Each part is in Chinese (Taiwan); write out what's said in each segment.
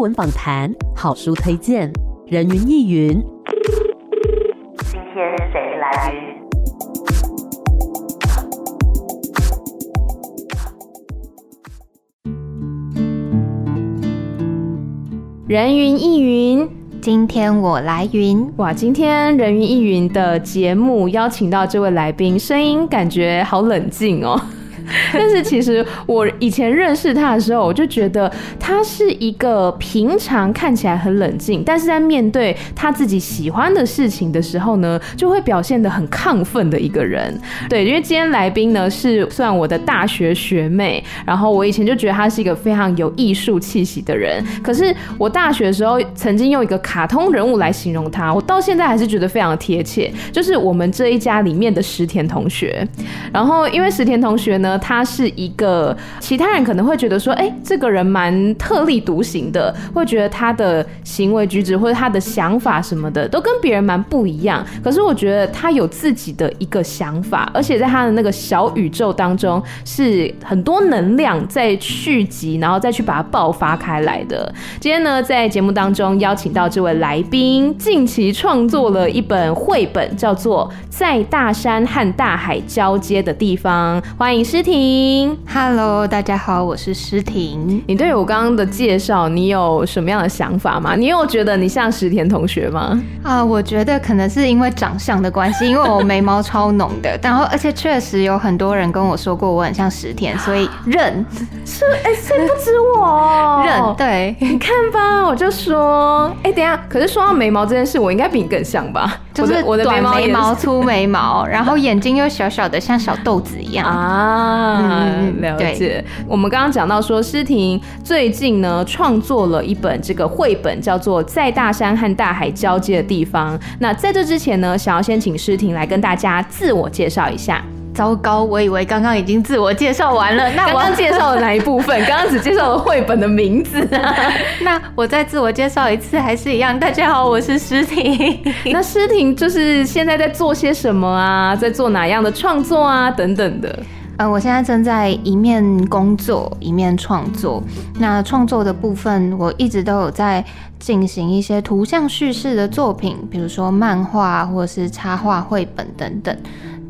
文訪談、好書推薦、人云藝云。今天誰來云？人云藝云，今天我來云。哇，今天人云藝云的節目邀請到這位來賓，聲音感覺好冷靜哦。 但是其實我以前認識他的時候，我就覺得他是一個平常看起來很冷靜，但是在面對他自己喜歡的事情的時候呢，就會表現得很亢奮的一個人。對，因為今天來賓呢是算我的大學學妹，然後我以前就覺得他是一個非常有藝術氣息的人。可是我大學的時候曾經用一個卡通人物來形容他，我到現在還是覺得非常貼切，就是我們這一家裡面的石田同學。然後因為石田同學呢。他是一個其他人可能會覺得說，哎、欸，這個人蠻特立獨行的，會覺得他的行為舉止或者他的想法什麼的都跟別人蠻不一樣。可是我覺得他有自己的一個想法，而且在他的那個小宇宙當中，是很多能量在聚集，然後再去把它爆發開來的。今天呢，在節目當中邀請到這位來賓，近期創作了一本繪本，叫做《在大山和大海交接的地方》，歡迎詩婷，Hello，大家好，我是詩庭。你對我剛剛的介紹，你有什麼樣的想法嗎？你有覺得你像石田同學嗎？啊、呃，我覺得可能是因為長相的關係，因為我眉毛超濃的，然 後而且確實有很多人跟我說過我很像石田，所以認 是哎，欸、所以不止我認。 對，你看吧，我就說，哎、欸，等一下，可是說到眉毛這件事，我應該比你更像吧？ 就是我的眉毛粗眉毛， 然後眼睛又小小的，像小豆子一樣啊。嗯、啊，了解、嗯。我們剛剛講到說，詩庭最近呢創作了一本這個繪本，叫做《在大山和大海交接的地方》。那在這之前呢，想要先請詩庭來跟大家自我介紹一下。糟糕，我以為剛剛已經自我介紹完了。那我剛剛介紹了哪一部分？ 剛剛只介紹了繪本的名字、啊。 那我再自我介紹一次，還是一樣。大家好，我是詩庭。 那詩庭就是現在在做些什麼啊？在做哪樣的創作啊？等等的。呃，我現在正在一面工作一面創作。那創作的部分，我一直都有在進行一些圖像敘事的作品，比如說漫畫或者是插畫繪本等等。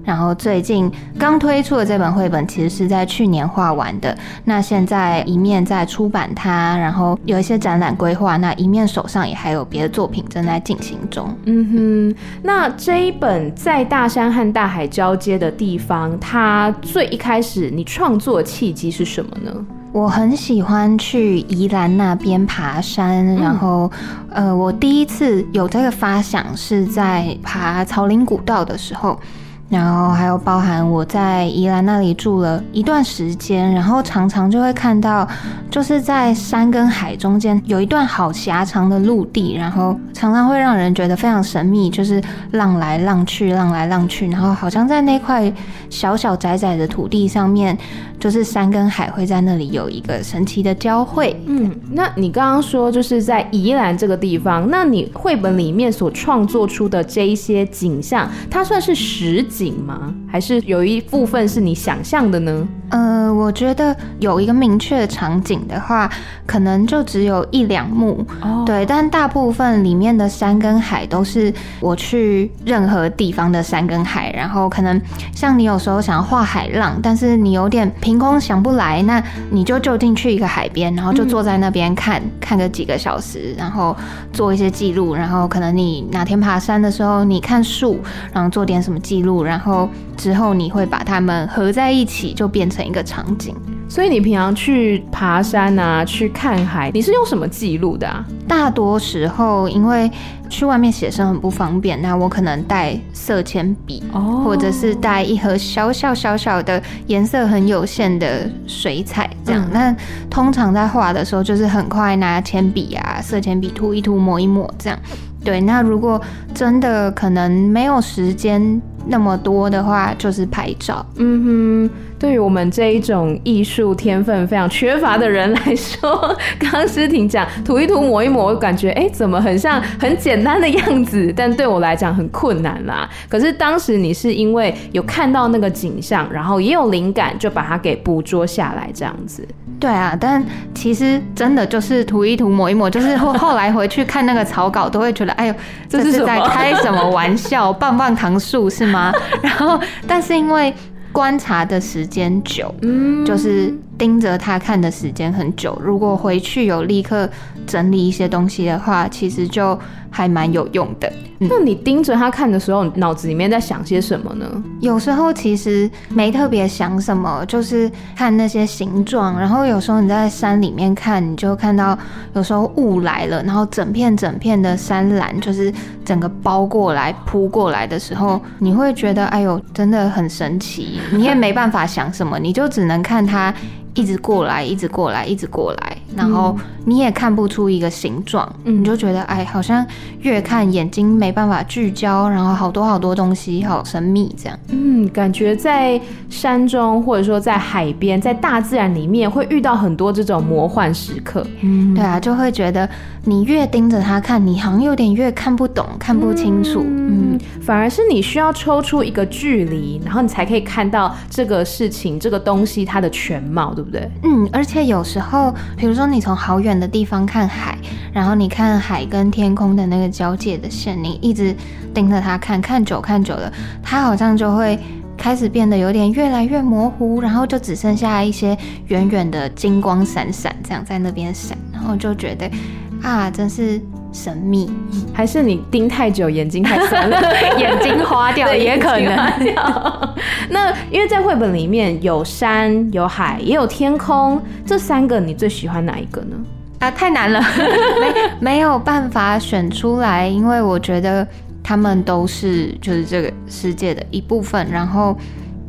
然後最近剛推出的這本繪本，其實是在去年畫完的。那現在一面在出版它，然後有一些展覽規劃，那一面手上也還有別的作品正在進行中。嗯哼，那這一本在大山和大海交接的地方，它最一開始你創作的契機是什麼呢？我很喜歡去宜蘭那邊爬山，嗯、然後呃，我第一次有這個發想是在爬草嶺古道的時候。然後還有包含我在宜蘭那裡住了一段時間，然後常常就會看到，就是在山跟海中間有一段好狹長的陸地，然後常常會讓人覺得非常神秘，就是浪來浪去，浪來浪去，然後好像在那塊小小窄窄的土地上面。就是山跟海會在那裡有一個神奇的交匯。嗯，那你剛剛說就是在宜蘭這個地方，那你繪本裡面所創作出的這一些景象，它算是實景嗎？還是有一部分是你想象的呢？呃，我覺得有一個明確的場景的話，可能就只有一兩幕。哦，對，但大部分裡面的山跟海都是我去任何地方的山跟海，然後可能像你有時候想要畫海浪，但是你有點。憑空想不來，那你就就近去一個海邊，然後就坐在那邊看、嗯、看，看個幾個小時，然後做一些記錄，然後可能你哪天爬山的時候，你看樹，然後做點什麼記錄，然後之後你會把它們合在一起，就變成一個場景。所以你平常去爬山啊，去看海，你是用什麼記錄的啊？大多時候，因為去外面寫生很不方便，那我可能帶色鉛筆，Oh. 或者是帶一盒小小小小的、顏色很有限的水彩這樣。那、嗯、通常在畫的時候，就是很快拿鉛筆啊、色鉛筆塗一塗、抹一抹這樣。對，那如果真的可能沒有時間。那麼多的話就是拍照，嗯哼。對於我們這一種藝術天分非常缺乏的人來說，剛剛詩庭講塗一塗、抹一抹，我感覺哎、欸，怎麼很像很簡單的樣子？但對我來講很困難啦。可是當時你是因為有看到那個景象，然後也有靈感，就把它給捕捉下來，這樣子。對啊，但其實真的就是塗一塗、抹一抹，就是後後來回去看那個草稿， 都會覺得哎呦，這是在開什麼玩笑？ 棒棒糖樹是嗎？然後，但是因為觀察的時間久，嗯， 就是盯着他看的時間很久，如果回去有立刻整理一些東西的話，其實就。還蠻有用的。嗯、那你盯着他看的時候，你腦子裡面在想些什麼呢？有時候其實沒特別想什麼，就是看那些形狀。然後有時候你在山裡面看，你就看到有時候霧來了，然後整片整片的山嵐就是整個包過來、鋪過來的時候，你會覺得哎呦，真的很神奇。你也沒辦法想什麼， 你就只能看它一直過來、一直過來、一直過來，然後你也看不出一個形狀、嗯，你就覺得哎，好像。越看眼睛沒辦法聚焦，然後好多好多東西，好神秘這樣。嗯，感覺在山中或者說在海邊，在大自然裡面會遇到很多這種魔幻時刻。嗯，對啊，就會覺得。你越盯着它看，你好像有點越看不懂、看不清楚。嗯，嗯，反而是你需要抽出一個距離，然後你才可以看到這個事情、這個東西它的全貌，對不對？嗯，而且有時候，比如說你從好遠的地方看海，然後你看海跟天空的那個交界的線，你一直盯着它看，看久看久了，它好像就會開始變得有點越來越模糊，然後就只剩下一些遠遠的金光閃閃，這樣在那邊閃，然後就覺得。啊，真是神祕！還是你盯太久，眼睛太酸了， 眼睛花掉， 眼睛花掉也可能。 那因為在繪本裡面有山、有海、也有天空，這三個你最喜歡哪一個呢？啊，太難了 沒，沒有辦法選出來，因為我覺得他們都是就是這個世界的一部分，然後。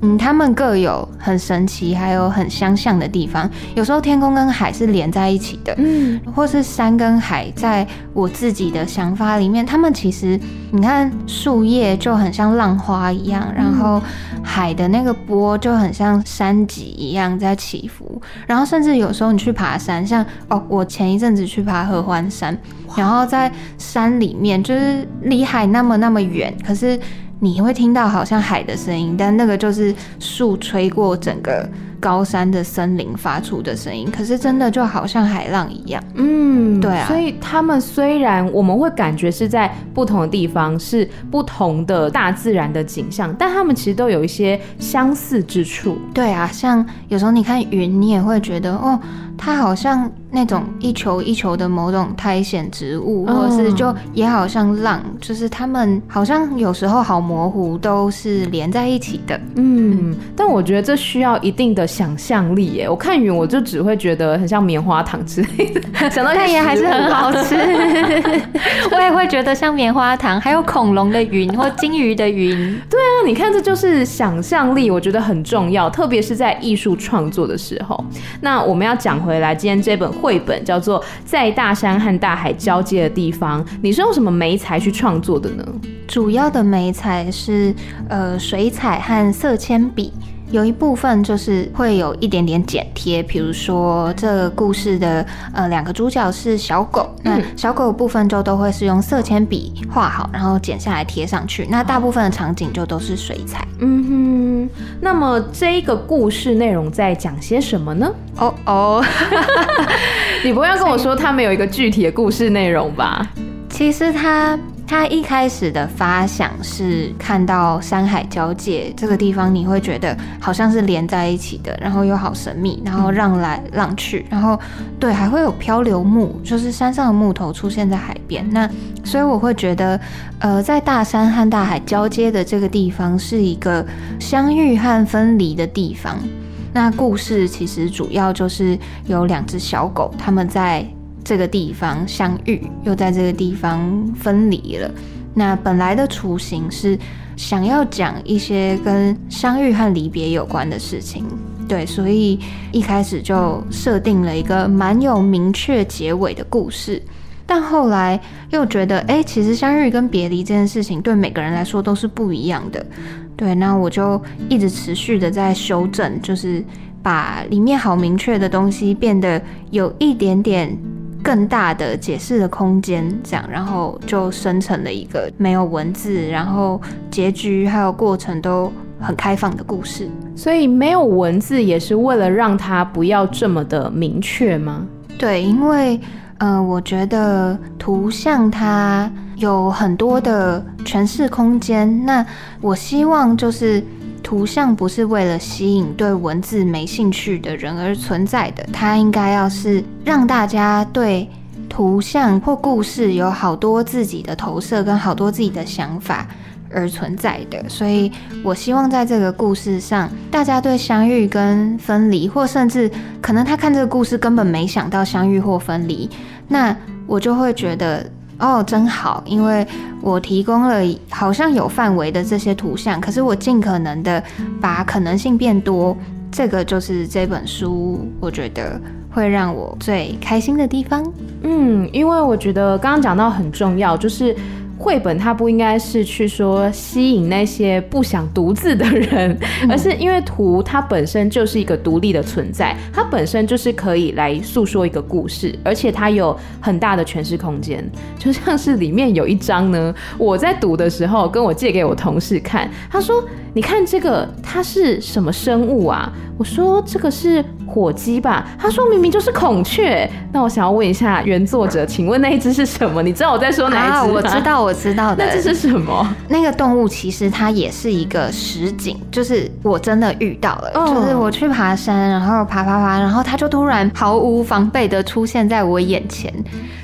嗯，他們各有很神奇，還有很相像的地方。有時候天空跟海是連在一起的，嗯，或是山跟海，在我自己的想法裡面，他們其實，你看樹葉就很像浪花一樣，然後海的那個波就很像山脊一樣在起伏。嗯。然後甚至有時候你去爬山，像哦，我前一陣子去爬合歡山，然後在山裡面就是離海那麼那麼遠，可是。你會聽到好像海的聲音，但那個就是樹吹過整個高山的森林發出的聲音，可是真的就好像海浪一樣。嗯，對啊。所以他們雖然我們會感覺是在不同的地方，是不同的大自然的景象，但他們其實都有一些相似之處。對啊，像有時候你看雲，你也會覺得哦，它好像。那種一球一球的某種苔蘚植物，嗯、或者是就也好像浪，就是它們好像有時候好模糊，都是連在一起的。嗯，但我覺得這需要一定的想象力耶。我看雲，我就只會覺得很像棉花糖之類的， 想看也還是很好吃。 我也會覺得像棉花糖，還有恐龍的雲或金魚的雲。 對啊，你看這就是想象力，我覺得很重要，特別是在藝術創作的時候。那我們要講回來，今天這本。繪本叫做《在大山和大海交接的地方》，你是用什麼媒材去創作的呢？主要的媒材是呃水彩和色鉛筆。有一部分就是會有一點點剪貼，比如說這個故事的呃兩個主角是小狗、嗯，那小狗的部分就都會是用色鉛筆畫好，然後剪下來貼上去、哦。那大部分的場景就都是水彩。嗯哼。那麼這個故事內容在講些什麼呢？哦哦，你不會要跟我說它沒有一個具體的故事內容吧？Okay. 其實它。他一開始的發想是看到山海交界這個地方，你會覺得好像是連在一起的，然後又好神秘，然後浪來浪去，然後對，還會有漂流木，就是山上的木頭出現在海邊。那所以我會覺得，呃，在大山和大海交接的這個地方是一個相遇和分離的地方。那故事其實主要就是有兩隻小狗，它們在。這個地方相遇，又在這個地方分離了。那本來的雛形是想要講一些跟相遇和離別有關的事情，對，所以一開始就設定了一個蠻有明確結尾的故事。但後來又覺得，誒，其實相遇跟別離這件事情對每個人來說都是不一樣的，對。那我就一直持續的在修正，就是把裡面好明確的東西變得有一點點。更大的解釋的空間，這樣，然後就生成了一個沒有文字，然後結局還有過程都很開放的故事。所以沒有文字也是為了讓它不要這麼的明確嗎？對，因為呃，我覺得圖像它有很多的詮釋空間。那我希望就是。圖像不是為了吸引對文字沒興趣的人而存在的，它應該要是讓大家對圖像或故事有好多自己的投射跟好多自己的想法而存在的。所以我希望在這個故事上，大家對相遇跟分離，或甚至可能他看這個故事根本沒想到相遇或分離，那我就會覺得。哦，真好，因為我提供了好像有範圍的這些圖像，可是我盡可能的把可能性變多，這個就是這本書，我覺得會讓我最開心的地方。嗯，因為我覺得剛剛講到很重要，就是。繪本它不應該是去說吸引那些不想讀字的人，而是因為圖它本身就是一個獨立的存在，它本身就是可以來訴說一個故事，而且它有很大的詮釋空間。就像是裡面有一張呢，我在讀的時候跟我借給我同事看，他說：“你看這個，它是什麼生物啊？”我說：“這個是火雞吧？”他說：“明明就是孔雀。”那我想要問一下原作者，請問那一隻是什麼？你知道我在說哪一隻嗎？啊，我知道。我知道的，那這是什麼？那個動物其實它也是一個實景，就是我真的遇到了，oh. 就是我去爬山，然後爬爬爬，然後它就突然毫無防備的出現在我眼前，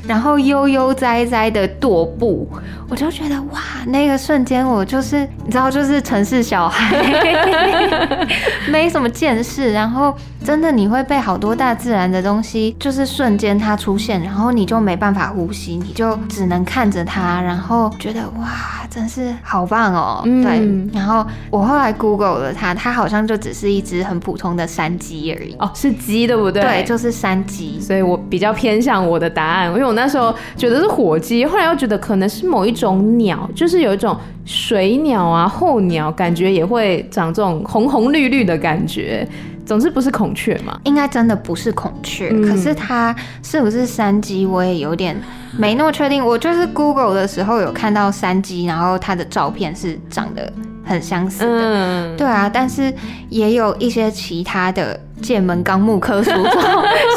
然後悠悠哉哉的踱步，我就覺得哇，那個瞬間我就是你知道，就是城市小孩， 沒什麼見識，然後。真的，你會被好多大自然的東西，就是瞬間它出現，然後你就沒辦法呼吸，你就只能看着它，然後覺得哇，真是好棒哦，喔，嗯。對，然後我後來 Google 了它，它好像就只是一隻很普通的山雞而已。哦，是雞對不對？對，就是山雞。所以我比較偏向我的答案，因為我那時候覺得是火雞，後來又覺得可能是某一種鳥，就是有一種水鳥啊、候鳥，感覺也會長這種紅紅綠綠的感覺。總之不是孔雀嘛，應該真的不是孔雀。嗯，可是它是不是山雞，我也有點沒那麼確定。我就是 Google 的時候有看到山雞，然後它的照片是長得很相似的。嗯，對啊，但是也有一些其他的。界門綱目科屬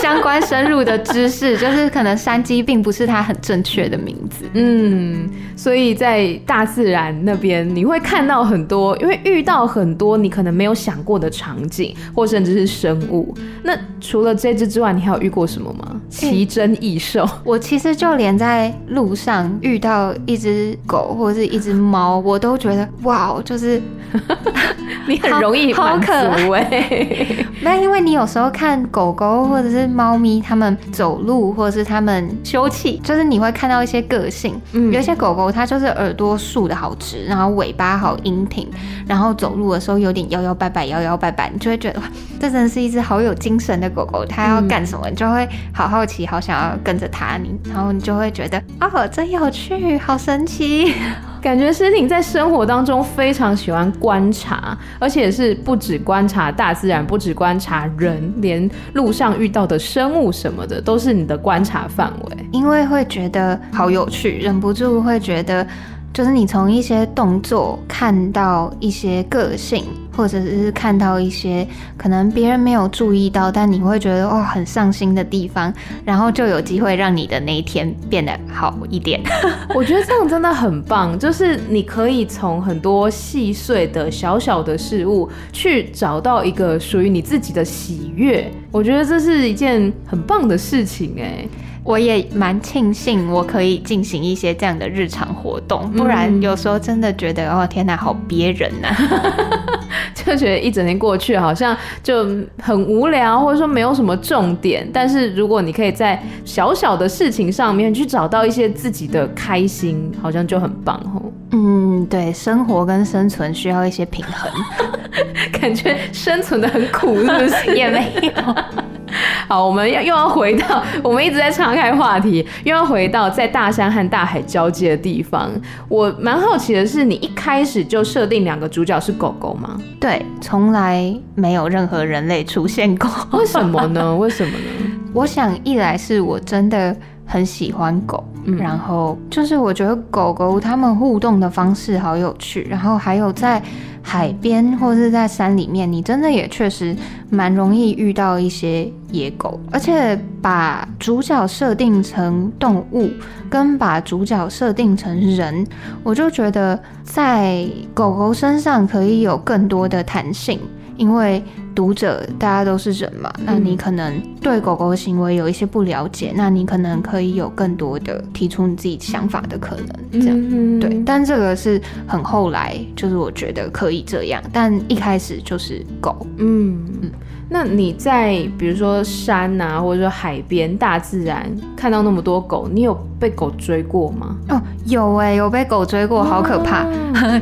相關深入的知識， 就是可能山雞並不是它很正確的名字。嗯，所以在大自然那邊，你會看到很多，因為遇到很多你可能沒有想過的場景，或甚至是生物。那除了這只之外，你還有遇過什麼嗎？奇珍異獸。我其實就連在路上遇到一隻狗或者是一隻貓，我都覺得哇，就是你很容易滿足因為你有時候看狗狗或者是貓咪，它們走路或者是它們休憩，就是你會看到一些個性。嗯，有一些狗狗它就是耳朵豎得好直，然後尾巴好英挺，然後走路的時候有點搖搖擺擺，搖搖擺擺，你就會覺得哇，這真是一只好有精神的狗狗。它要幹什麼，你就會好好奇，好想要跟着它。你，然後你就會覺得啊、哦，真有趣，好神奇。感覺是你在生活當中非常喜歡觀察，而且是不只觀察大自然，不只觀察人，連路上遇到的生物什麼的，都是你的觀察範圍。因為會覺得好有趣，忍不住會覺得。就是你從一些動作看到一些個性，或者是看到一些可能別人沒有注意到，但你會覺得哇，很上心的地方，然後就有機會讓你的那一天變得好一點。 我覺得這樣真的很棒， 就是你可以從很多細碎的小小的事物去找到一個屬於你自己的喜悅。我覺得這是一件很棒的事情誒。我也蠻慶幸我可以進行一些這樣的日常活動，不然有時候真的覺得哦天哪、啊，好憋人吶、啊， 就覺得一整天過去好像就很無聊，或者說沒有什麼重點。但是如果你可以在小小的事情上面去找到一些自己的開心，好像就很棒哦。嗯，對，生活跟生存需要一些平衡， 感覺生存得很苦是不是， 也沒有。好，我們要又要回到我們一直在岔開話題，又要回到在大山和大海交接的地方。我蠻好奇的是，你一開始就設定兩個主角是狗狗嗎？對，從來沒有任何人類出現過。 為什麼呢？為什麼呢？我想一來是我真的很喜歡狗，嗯、然後就是我覺得狗狗它們互動的方式好有趣，然後還有在海邊或者是在山裡面，你真的也確實蠻容易遇到一些。野狗，而且把主角設定成動物，跟把主角設定成人，我就覺得在狗狗身上可以有更多的彈性，因為。讀者，大家都是人嘛，那你可能對狗狗的行為有一些不了解，嗯，那你可能可以有更多的提出你自己想法的可能，這樣、嗯、對。但這個是很後來，就是我覺得可以這樣，但一開始就是狗。嗯嗯。那你在比如說山啊，或者說海邊、大自然看到那麼多狗，你有被狗追過嗎？哦，有哎、欸，有被狗追過，好可怕，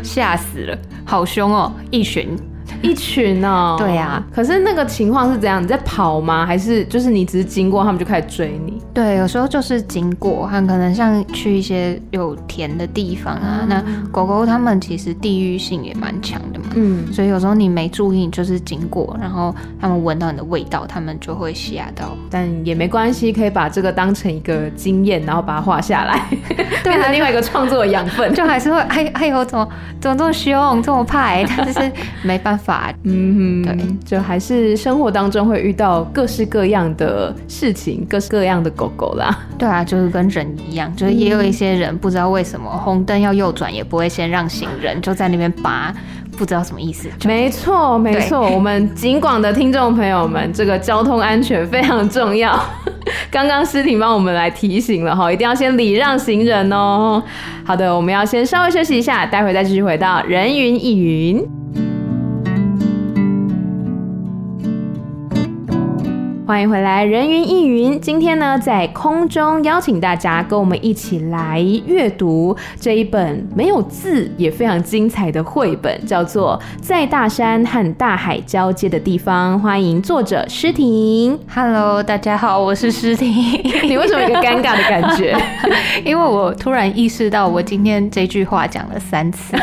嚇 死了，好凶哦，一群。一群呢、喔，嗯？對呀、啊。可是那個情況是怎樣？你在跑嗎？還是就是你只是經過，他們就開始追你？對，有時候就是經過，很可能像去一些有田的地方啊。嗯、那狗狗它們其實地域性也蠻強的嘛。嗯。所以有時候你沒注意，就是經過，然後它們聞到你的味道，它們就會嚇到。但也沒關係，可以把這個當成一個經驗，然後把它畫下來，對 變成另外一個創作的養分。就還是會哎，哎呦怎麼怎麼這麼凶，這麼怕、欸，但是沒辦法。嗯哼，對，就還是生活當中會遇到各式各樣的事情，各式各樣的狗狗啦。對啊，就是跟人一樣，就是也有一些人、嗯、不知道為什麼紅燈要右轉也不會先讓行人，就在那邊拔，不知道什麼意思。沒錯，沒錯，我們警廣的聽眾朋友們，這個交通安全非常重要。剛剛詩庭幫我們來提醒了哈，一定要先禮讓行人哦、喔。好的，我們要先稍微休息一下，待會再繼續回到人云藝云。歡迎回來，人云藝云。今天呢，在空中邀請大家跟我們一起來閱讀這一本沒有字也非常精彩的繪本，叫做《在大山和大海交接的地方》。歡迎作者詩庭。Hello，大家好，我是詩庭。 你為什麼有一個尷尬的感覺？ 因為我突然意識到，我今天這句話講了三次。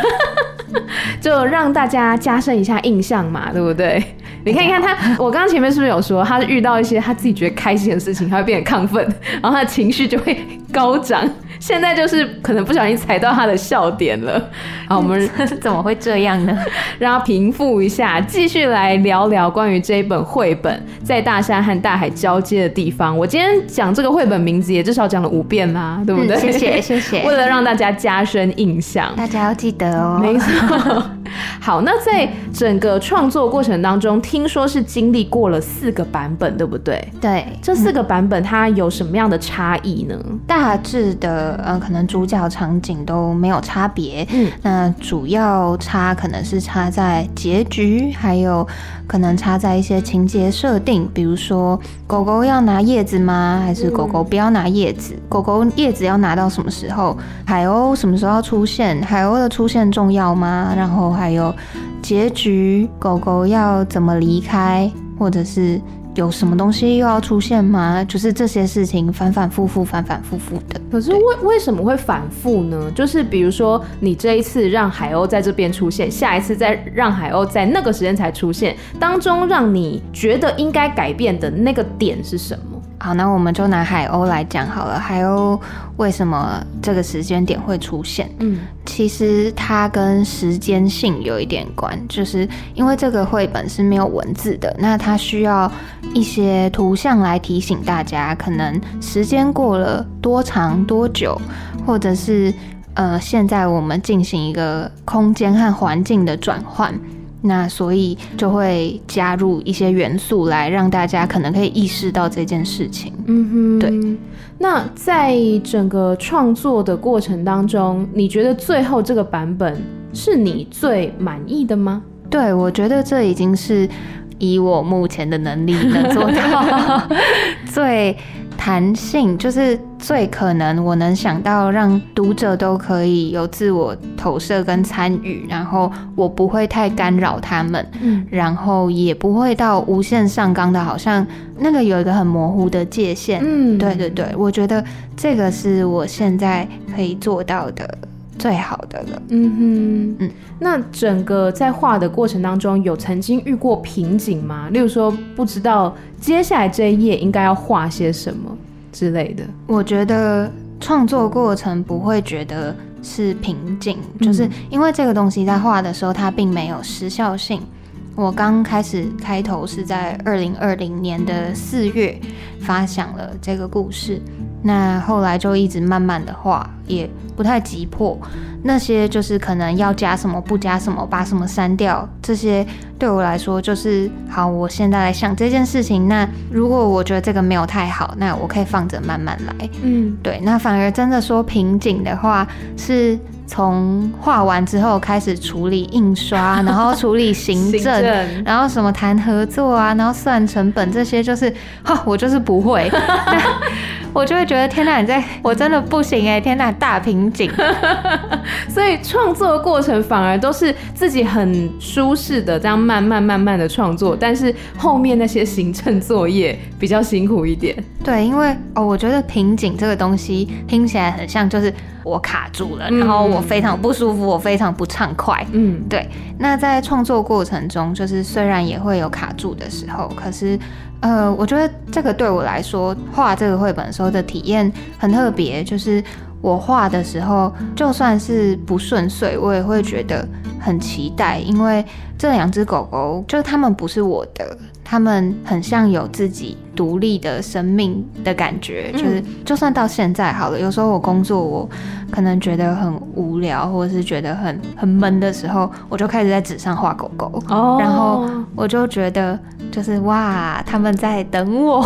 就讓大家加深一下印象嘛，對不對？ 你看一看他，我剛剛前面是不是有說，他遇到一些他自己覺得開心的事情，他會變得亢奮，然後他的情緒就會高漲。現在就是可能不小心踩到他的笑點了，好，我們怎麼會這樣呢？讓他平復一下，繼續來聊聊關於這一本繪本，在大山和大海交接的地方。我今天講這個繪本名字也至少講了五遍啦、啊，對不對？嗯、謝謝謝謝，為了讓大家加深印象，大家要記得哦。沒錯。 好，那在整個創作過程當中，聽說是經歷過了四個版本，對不對？對，這四個版本它有什麼樣的差異呢？嗯，大致的，嗯，可能主角場景都沒有差別，嗯，那主要差可能是差在結局，還有。可能插在一些情節設定，比如說狗狗要拿葉子嗎？還是狗狗不要拿葉子、嗯？狗狗葉子要拿到什麼時候？海鷗什麼時候要出現？海鷗的出現重要嗎？然後還有結局，狗狗要怎麼離開，或者是。有什麼東西又要出現嗎？就是這些事情反反復復、反反復復的。可是為為什麼會反復呢？就是比如說，你這一次讓海鷗在這邊出現，下一次再讓海鷗在那個時間才出現，當中讓你覺得應該改變的那個點是什麼？好，那我們就拿海鷗來講好了。海鷗為什麼這個時間點會出現？嗯，其實它跟時間性有一點關，就是因為這個繪本是沒有文字的，那它需要一些圖像來提醒大家，可能時間過了多長多久，或者是呃，現在我們進行一個空間和環境的轉換。那所以就會加入一些元素來讓大家可能可以意識到這件事情。嗯哼，對。那在整個創作的過程當中，你覺得最後這個版本是你最滿意的嗎？對，我覺得這已經是以我目前的能力能做到 最。彈性就是最可能，我能想到讓讀者都可以有自我投射跟參與，然後我不會太干擾他們，嗯，然後也不會到無限上綱的，好像那個有一個很模糊的界限，嗯，對對對，我覺得這個是我現在可以做到的。最好的了，嗯哼，嗯，那整個在畫的過程當中，有曾經遇過瓶頸嗎？例如說，不知道接下來這一頁應該要畫些什麼之類的。我覺得創作過程不會覺得是瓶頸，嗯，就是因為這個東西在畫的時候，它並沒有時效性。我剛開始開頭是在二零二零年的四月發想了這個故事。嗯那後來就一直慢慢的畫，也不太急迫。那些就是可能要加什麼，不加什麼，把什麼刪掉，這些對我來說就是好。我現在來想這件事情，那如果我覺得這個沒有太好，那我可以放着慢慢來。嗯，對。那反而真的說瓶頸的話是，從畫完之後開始處理印刷，然後處理行政， 行政然後什麼談合作啊，然後算成本這些，就是哈，我就是不會， 我就會覺得天哪，你在，我真的不行哎、欸，天哪，大瓶頸。 所以創作過程反而都是自己很舒適的，這樣慢慢慢慢的創作、嗯，但是後面那些行政作業比較辛苦一點。對，因為哦，我覺得瓶頸這個東西聽起來很像就是。我卡住了，然後我非常不舒服，嗯、我非常不暢快。嗯，對。那在創作過程中，就是雖然也會有卡住的時候，可是，呃，我覺得這個對我來說畫這個繪本的時候的體驗很特別。就是我畫的時候，就算是不順遂，我也會覺得很期待，因為這兩隻狗狗就是它們不是我的。他們很像有自己獨立的生命的感覺，嗯，就是就算到現在好了。有時候我工作，我可能覺得很無聊，或者是覺得很很悶的時候，我就開始在紙上畫狗狗。哦，然後我就覺得就是哇，他們在等我。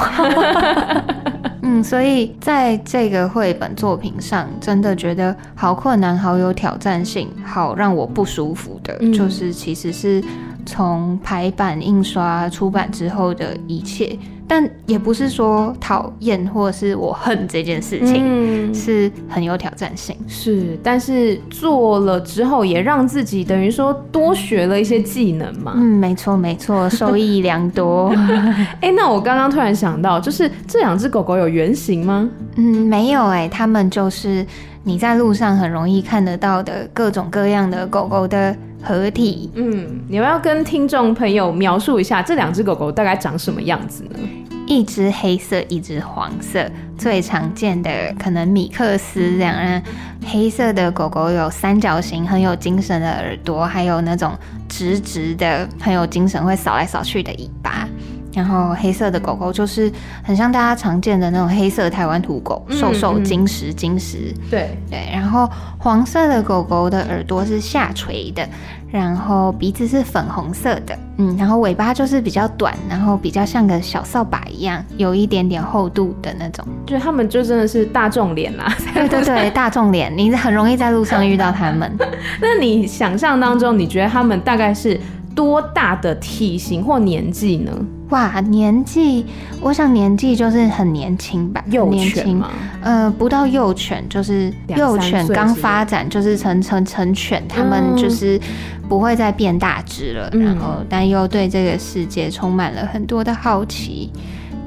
嗯，所以在這個繪本作品上，真的覺得好困難、好有挑戰性、好讓我不舒服的，嗯、就是其實是。從排版、印刷、出版之後的一切，但也不是說討厭或是我恨這件事情。嗯，是很有挑戰性。是，但是做了之後也讓自己等於說多學了一些技能嘛。嗯，沒錯，沒錯，受益良多。哎、 欸，那我剛剛突然想到，就是這兩隻狗狗有原型嗎？嗯，沒有哎、欸，它們就是你在路上很容易看得到的各種各樣的狗狗的。合體，嗯，你要不要跟聽眾朋友描述一下這兩隻狗狗大概長什麼樣子呢？一隻黑色，一隻黃色，最常見的可能米克斯這樣。黑色的狗狗有三角形很有精神的耳朵，還有那種直直的很有精神會掃來掃去的尾巴。然後黑色的狗狗就是很像大家常見的那種黑色台灣土狗，瘦瘦、嗯、精實、嗯、精實。對對，然後黃色的狗狗的耳朵是下垂的，然後鼻子是粉紅色的，嗯，然後尾巴就是比較短，然後比較像個小掃把一樣，有一點點厚度的那種。就他們就真的是大眾臉啦。 對對對，大眾臉，你很容易在路上遇到他們。 那你想象當中、嗯，你覺得他們大概是？多大的體型或年紀呢？哇，年紀，我想年紀就是很年輕吧，幼犬嗎？年輕，呃，不到幼犬，就是幼犬剛發展，就是成成成犬，他們就是不會再變大只了、嗯，然後但又對這個世界充滿了很多的好奇，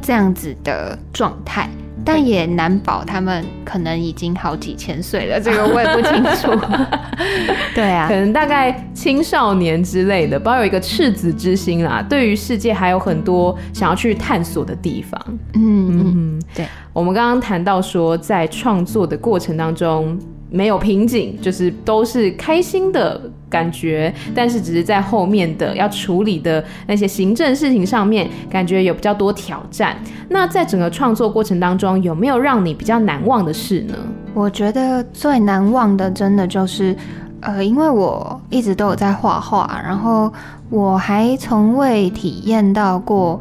這樣子的狀態。但也難保他們可能已經好幾千歲了，這個我也不清楚。 對啊，可能大概青少年之類的，抱有一個赤子之心啊，對於世界還有很多想要去探索的地方。嗯嗯，對，我們剛剛談到說，在創作的過程當中。沒有瓶頸，就是都是開心的感覺，但是只是在後面的要處理的那些行政事情上面，感覺有比較多挑戰。那在整個創作過程當中，有沒有讓你比較難忘的事呢？我覺得最難忘的，真的就是，呃，因為我一直都有在畫畫，然後我還從未體驗到過。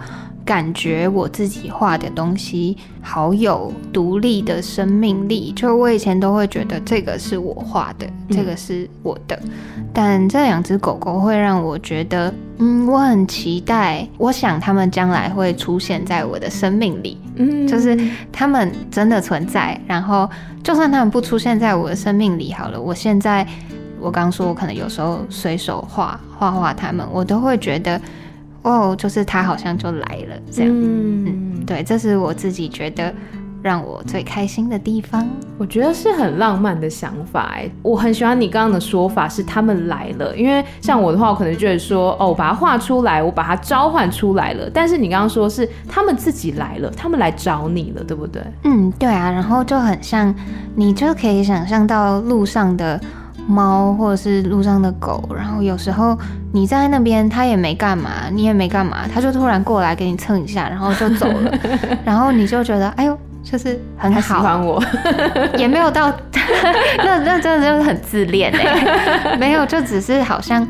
感覺我自己畫的東西好有獨立的生命力，就是我以前都會覺得這個是我畫的，這個是我的。嗯、但這兩隻狗狗會讓我覺得，嗯，我很期待，我想它們將來會出現在我的生命裡，嗯，就是它們真的存在。然後，就算它們不出現在我的生命裡，好了，我現在我剛說，我可能有時候隨手畫畫畫它們，我都會覺得。哦，就是他好像就來了，這樣，嗯。嗯，對，這是我自己覺得讓我最開心的地方。我覺得是很浪漫的想法。欸，我很喜歡你剛剛的說法，是他們來了，因為像我的話，我可能就會說，哦，我把它畫出來，我把它召喚出來了。但是你剛剛說是他們自己來了，他們來找你了，對不對？嗯，對啊，然後就很像，你就可以想象到路上的。貓，或者是路上的狗，然後有時候你在那邊，他也沒幹嘛，你也沒幹嘛，他就突然過來給你蹭一下，然後就走了， 然後你就覺得哎呦，就是很好，喜歡我， 也沒有到 那那真的就是很自戀耶，沒有，就只是好像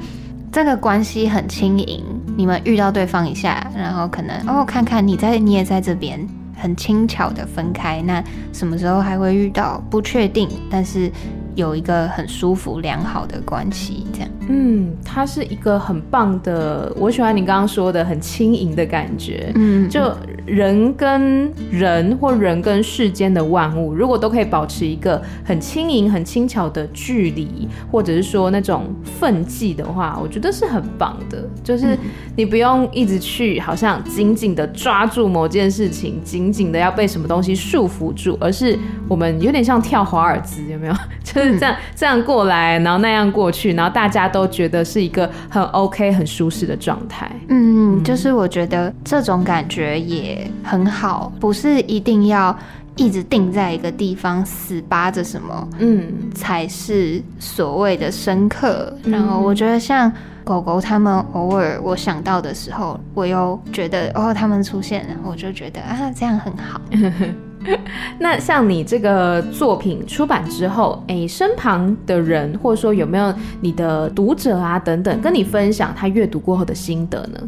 這個關係很輕盈，你們遇到對方一下，然後可能哦看看你在，你也在這邊，很輕巧的分開，那什麼時候還會遇到？不確定，但是。有一個很舒服、良好的關係，這樣，嗯，它是一個很棒的。我喜歡你剛剛說的很輕盈的感覺，嗯，就人跟人或人跟世間的萬物，如果都可以保持一個很輕盈、很輕巧的距離，或者是說那種分際的話，我覺得是很棒的。就是你不用一直去好像緊緊的抓住某件事情，緊緊的要被什麼東西束縛住，而是我們有點像跳華爾茲，有沒有？就是這樣這樣過來，然後那樣過去，然後大家都覺得是一個很 OK 很舒適的狀態。嗯，就是我覺得這種感覺也很好，不是一定要一直定在一個地方死扒着什麼，嗯，才是所謂的深刻，嗯。然後我覺得像狗狗，他們偶爾我想到的時候，我又覺得哦，他們出現了，我就覺得啊，這樣很好。 那像你這個作品出版之後，哎、欸，身旁的人或者說有沒有你的讀者啊等等，跟你分享他閱讀過後的心得呢？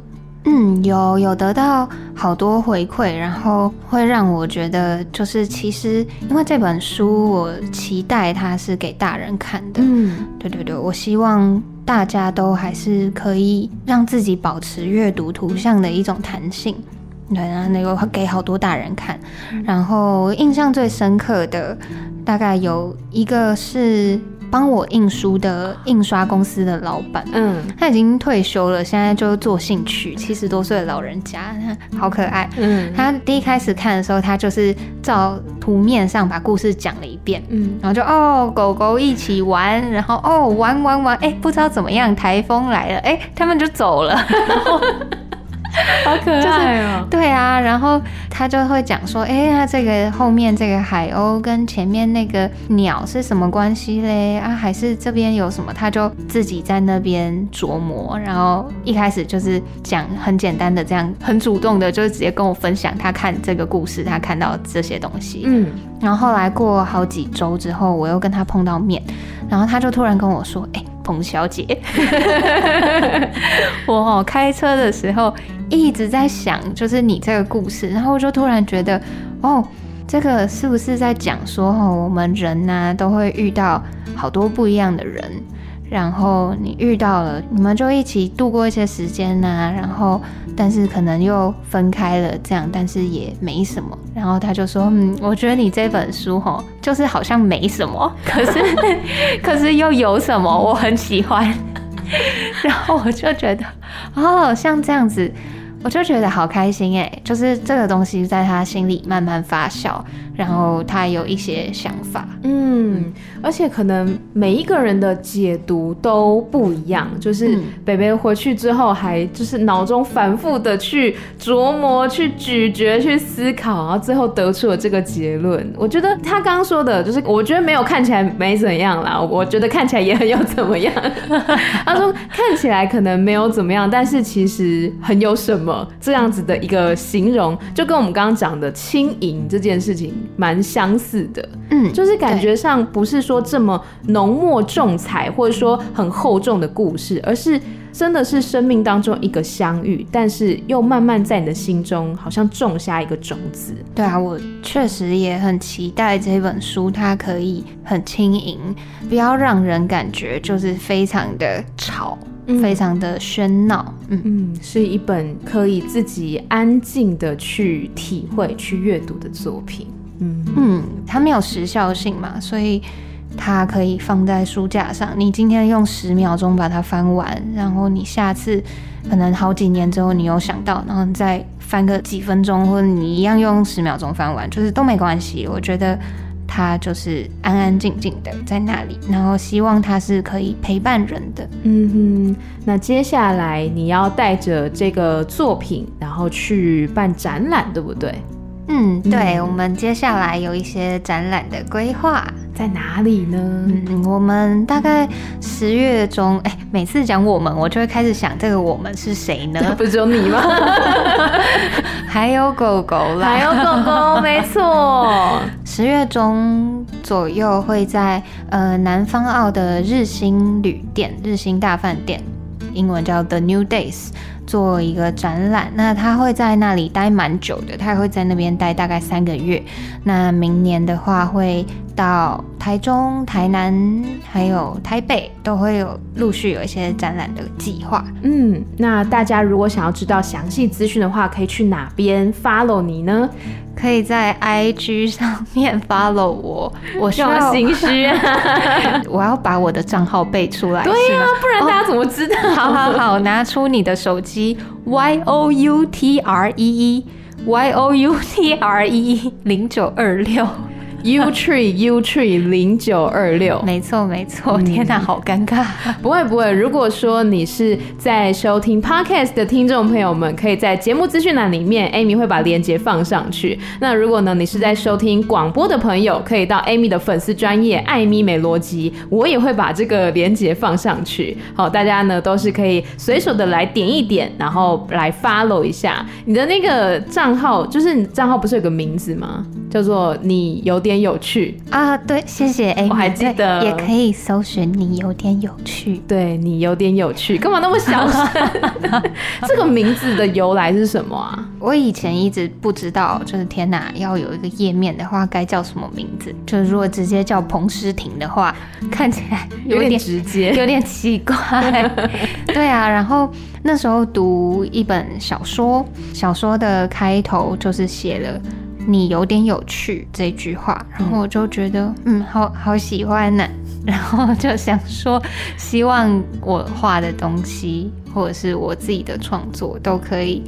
嗯，有有得到好多回饋，然後會讓我覺得就是其實因為這本書，我期待它是給大人看的。嗯，對對對，我希望大家都還是可以讓自己保持閱讀圖像的一種彈性。對啊，那個給好多大人看，然後印象最深刻的大概有一個是幫我印書的印刷公司的老闆，嗯，他已經退休了，現在就做興趣，七十多歲的老人家，好可愛。嗯，嗯，他第一開始看的時候，他就是照圖面上把故事講了一遍，嗯，然後就哦，狗狗一起玩，然後哦玩玩玩，哎，不知道怎麼樣，颱風來了，哎，他們就走了。然後 好可愛哦、喔就是，對啊，然後他就會講說，哎、欸，那這個後面這個海鷗跟前面那個鳥是什麼關係嘞？啊，還是這邊有什麼？他就自己在那邊琢磨。然後一開始就是講很簡單的，這樣很主動的，就是直接跟我分享他看這個故事，他看到這些東西。嗯，然後後來過好幾週之後，我又跟他碰到面，然後他就突然跟我說，哎、欸，彭小姐， 我、哦、開車的時候。一直在想，就是你這個故事，然後我就突然覺得，哦，這個是不是在講說哦，我們人呢、啊、都會遇到好多不一樣的人，然後你遇到了，你們就一起度過一些時間吶、啊，然後但是可能又分開了，這樣但是也沒什麼。然後他就說，嗯，我覺得你這本書就是好像沒什麼，可是 可是又有什麼？我很喜歡。 然後我就覺得，哦，像這樣子。我就覺得好開心哎，就是這個東西在他心裡慢慢發酵，然後他有一些想法。嗯，而且可能每一個人的解讀都不一樣。就是北北回去之後，還就是腦中反覆的去琢磨去、去咀嚼、去思考，然後最後得出了這個結論。我覺得他剛剛說的就是，我覺得沒有看起來沒怎樣啦，我覺得看起來也很有怎麼樣。 他說看起來可能沒有怎麼樣，但是其實很有什麼。這樣子的一個形容，就跟我們剛剛講的輕盈這件事情蠻相似的。嗯，就是感覺上不是說這麼濃墨重彩、嗯，或者說很厚重的故事，而是真的是生命當中一個相遇，但是又慢慢在你的心中好像種下一個種子。對啊，我確實也很期待這本書，它可以很輕盈，不要讓人感覺就是非常的吵。非常的喧鬧，嗯嗯，是一本可以自己安靜的去體會、去閱讀的作品，嗯嗯，它沒有時效性嘛，所以它可以放在書架上。你今天用十秒鐘把它翻完，然後你下次可能好幾年之後你又想到，然後再翻個幾分鐘，或者你一樣用十秒鐘翻完，就是都沒關係。我覺得。他就是安安靜靜的在那裡，然後希望他是可以陪伴人的。嗯哼，那接下來你要帶着這個作品，然後去辦展覽，對不對？嗯，對，我們接下來有一些展覽的規劃。在哪裡呢？嗯、我們大概十月中，哎、欸，每次講我們，我就會開始想這個我們是誰呢？不是只有你嗎？ 還有狗狗啦，還有狗狗，沒錯。十 月中左右會在呃南方澳的日新旅店、日新大飯店（英文叫 The New Days） 做一個展覽。那他會在那裡待蠻久的，他會在那邊待大概三個月。那明年的話會。到台中、台南，還有台北，都會有陸續有一些展覽的計劃。嗯，那大家如果想要知道詳細資訊的話，可以去哪邊 follow 你呢？可以在 I G 上面 follow 我。嗯、我需要心虛、啊、 我要把我的賬號背出來。對啊，不然大家怎麼知道？Oh, 好好好，拿出你的手機。 Y O U T R E E Y O U T R E E 零九二六。 Utree Utree 零九二六，沒錯沒錯，天哪，好尷尬。 不會不會，如果說你是在收聽 Podcast 的聽眾朋友們，可以在節目資訊欄裡面，Amy 會把鏈接放上去。那如果呢，你是在收聽廣播的朋友，可以到 Amy 的粉絲專頁，Amy 美邏輯，我也會把這個連接放上去。好、哦，大家呢都是可以隨手的來點一點，然後來 follow 一下你的那個賬號，就是你賬號不是有個名字嗎？叫做你有點，有趣啊！對，謝謝。哎，我還記得也可以搜尋你有點有趣，對你有點有趣，幹嘛那麼小聲？ 這個名字的由來是什麼啊？我以前一直不知道，就是天哪，要有一個頁面的話，該叫什麼名字？就是如果直接叫彭詩庭的，的話，看起來有點直接，有點奇怪。 對啊，然後那時候讀一本小說，小說的開頭就是寫了。你有點有趣，這句話，然後我就覺得，嗯，嗯，好好喜歡呢、啊。然後就想說，希望我畫的東西或者是我自己的創作，都可以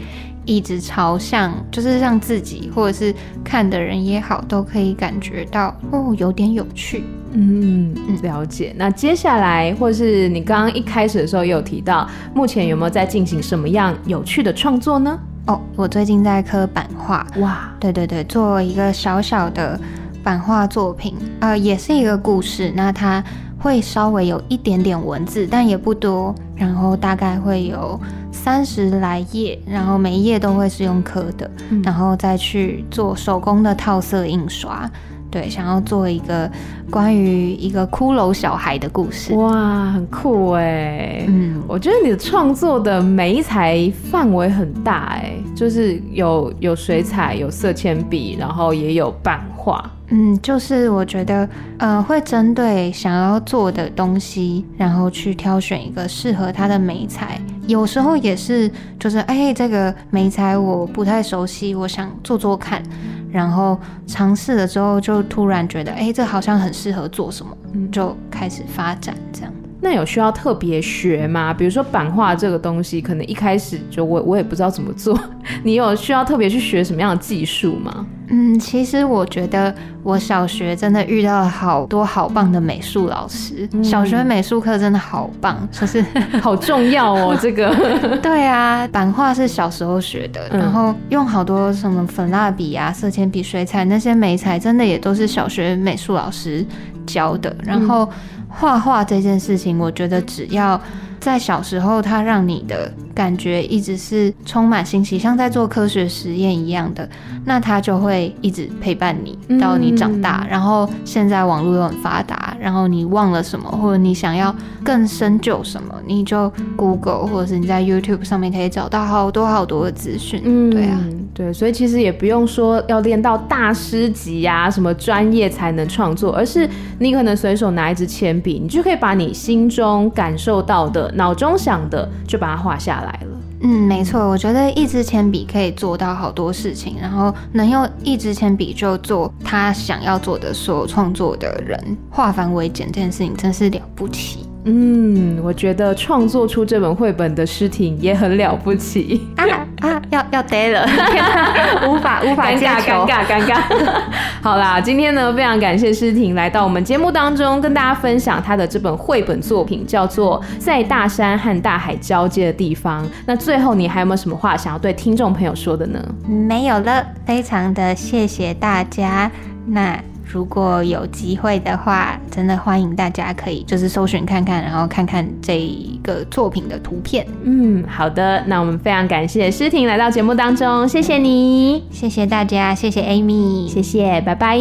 一直朝向，就是讓自己或者是看的人也好，都可以感覺到，哦，有點有趣。嗯，了解。那接下來，或是你剛剛一開始的時候有提到，目前有沒有在進行什麼樣有趣的創作呢？哦、oh，我最近在刻版畫哇，wow. 對對對，做一個小小的版畫作品，呃，也是一個故事，那它會稍微有一點點文字，但也不多，然後大概會有三十來頁，然後每頁都會是用刻的、嗯，然後再去做手工的套色印刷。對，想要做一個關於一個骷髏小孩的故事，哇，很酷哎、欸！嗯，我覺得你的創作的媒材範圍很大哎、欸，就是有有水彩、有色鉛筆，然後也有版畫。嗯，就是我覺得，呃，會針對想要做的東西，然後去挑選一個適合它的媒材。有時候也是，就是哎、欸，這個媒材我不太熟悉，我想做做看。然後嘗試了之後，就突然覺得，哎、欸，這好像很適合做什麼，嗯，就開始發展這樣。那有需要特別學嗎？比如說版畫這個東西，可能一開始就我我也不知道怎麼做。 你有需要特別去學什麼樣的技術嗎？嗯，其實我覺得我小學真的遇到了好多好棒的美術老師、嗯，小學美術課真的好棒，可是 好重要哦。這個，對啊，版畫是小時候學的、嗯，然後用好多什麼粉蠟筆啊、色鉛筆、水彩那些媒材，真的也都是小學美術老師教的。然後畫畫這件事情，我覺得只要。在小時候，它讓你的感覺一直是充滿新奇，像在做科學實驗一樣的。那它就會一直陪伴你到你長大，嗯。然後現在網絡又很發達，然後你忘了什麼，或者你想要更深究什麼，你就 Google，嗯，或者是你在 YouTube 上面可以找到好多好多的資訊，嗯。對啊，對，所以其實也不用說要練到大師級啊，什麼專業才能創作，而是你可能隨手拿一支鉛筆，你就可以把你心中感受到的。腦中想的就把它畫下來了。嗯，沒錯，我覺得一支鉛筆可以做到好多事情，然後能用一支鉛筆就做他想要做的所有創作的人，化繁為簡這件事情真是了不起。嗯，我覺得創作出這本繪本的詩庭也很了不起啊啊！要要呆了 無，無法無法下尷尬尷尬。尬尬 好啦，今天呢，非常感謝詩庭來到我們節目當中，跟大家分享她的這本繪本作品，叫做《在大山和大海交接的地方》。那最後你還有沒有什麼話想要對聽眾朋友說的呢？沒有了，非常的謝謝大家。那。如果有機會的話，真的歡迎大家可以就是搜尋看看，然後看看這一個作品的圖片。嗯，好的。那我們非常感謝詩庭來到節目當中，謝謝你，謝謝大家，謝謝 Amy，謝謝，拜拜。